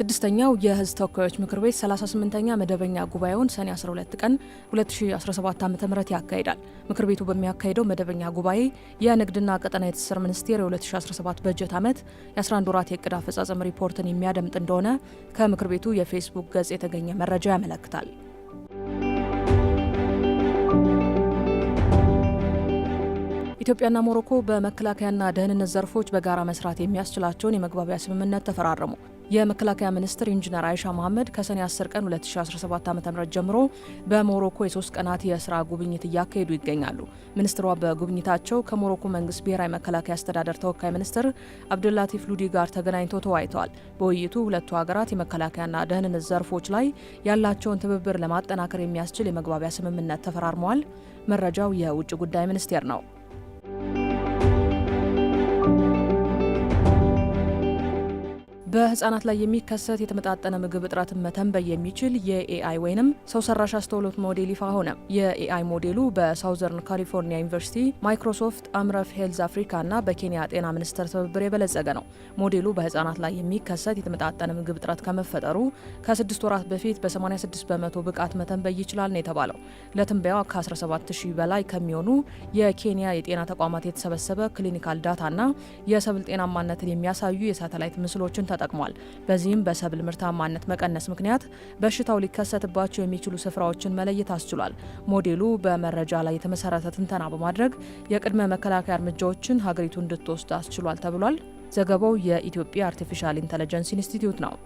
ስድስተኛው የህዝብ ተወካዮች ምክር ቤት 38ኛ መደበኛ ጉባኤውን ሰኔ 12 ቀን 2017 ዓ ም ያካሂዳል። ምክር ቤቱ በሚያካሂደው መደበኛ ጉባኤ የንግድና ቀጠና ትስስር ሚኒስቴር የ2017 በጀት ዓመት የ11 ወራት የእቅድ አፈጻጸም ሪፖርትን የሚያደምጥ እንደሆነ ከምክር ቤቱ የፌስቡክ ገጽ የተገኘ መረጃ ያመለክታል። ኢትዮጵያና ሞሮኮ በመከላከያና ደህንነት ዘርፎች በጋራ መስራት የሚያስችላቸውን የመግባቢያ ስምምነት ተፈራረሙ። የመከላከያ ሚኒስትር ኢንጂነር አይሻ መሐመድ ከሰኔ 10 ቀን 2017 ዓ ም ጀምሮ በሞሮኮ የሶስት ቀናት የስራ ጉብኝት እያካሄዱ ይገኛሉ። ሚኒስትሯ በጉብኝታቸው ከሞሮኮ መንግስት ብሔራዊ መከላከያ አስተዳደር ተወካይ ሚኒስትር አብዱላቲፍ ሉዲ ጋር ተገናኝቶ ተወያይተዋል። በውይይቱ ሁለቱ ሀገራት የመከላከያና ደህንነት ዘርፎች ላይ ያላቸውን ትብብር ለማጠናከር የሚያስችል የመግባቢያ ስምምነት ተፈራርመዋል። መረጃው የውጭ ጉዳይ ሚኒስቴር ነው። በህጻናት ላይ የሚከሰት የተመጣጠነ ምግብ እጥረትን መተንበይ የሚችል የኤአይ ወይንም ሰው ሰራሽ አስተውሎት ሞዴል ይፋ ሆነ። የኤአይ ሞዴሉ በሳውዘርን ካሊፎርኒያ ዩኒቨርሲቲ፣ ማይክሮሶፍት፣ አምረፍ ሄልዝ አፍሪካ እና በኬንያ ጤና ሚኒስቴር ትብብር የበለጸገ ነው። ሞዴሉ በህጻናት ላይ የሚከሰት የተመጣጠነ ምግብ እጥረት ከመፈጠሩ ከስድስት ወራት በፊት በ86 በመቶ ብቃት መተንበይ ይችላል ነው የተባለው። ለትንበያው ከ17000 በላይ ከሚሆኑ የኬንያ የጤና ተቋማት የተሰበሰበ ክሊኒካል ዳታና የሰብል ጤናማነትን የሚያሳዩ የሳተላይት ምስሎችን ተጠቅሟል። በዚህም በሰብል ምርታማነት መቀነስ ምክንያት በሽታው ሊከሰትባቸው የሚችሉ ስፍራዎችን መለየት አስችሏል። ሞዴሉ በመረጃ ላይ የተመሰረተ ትንተና በማድረግ የቅድመ መከላከያ እርምጃዎችን ሀገሪቱ እንድትወስድ አስችሏል ተብሏል። ዘገባው የኢትዮጵያ አርቲፊሻል ኢንተለጀንስ ኢንስቲትዩት ነው።